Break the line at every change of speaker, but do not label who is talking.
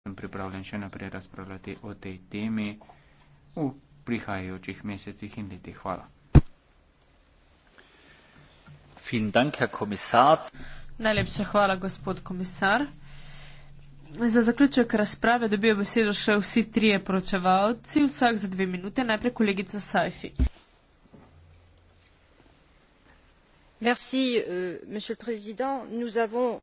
sem pripravljen še naprej razpravljati o tej temi v prihajajočih mesecih in letih. Hvala. Dank,
Najlepša hvala, gospod komisar. Za zaključek razprave dobijo besedo še vsi trije poročevalci, vsak za dve minute. Najprej kolegica Sajfi.
Merci, uh,
monsieur le président. Nous avons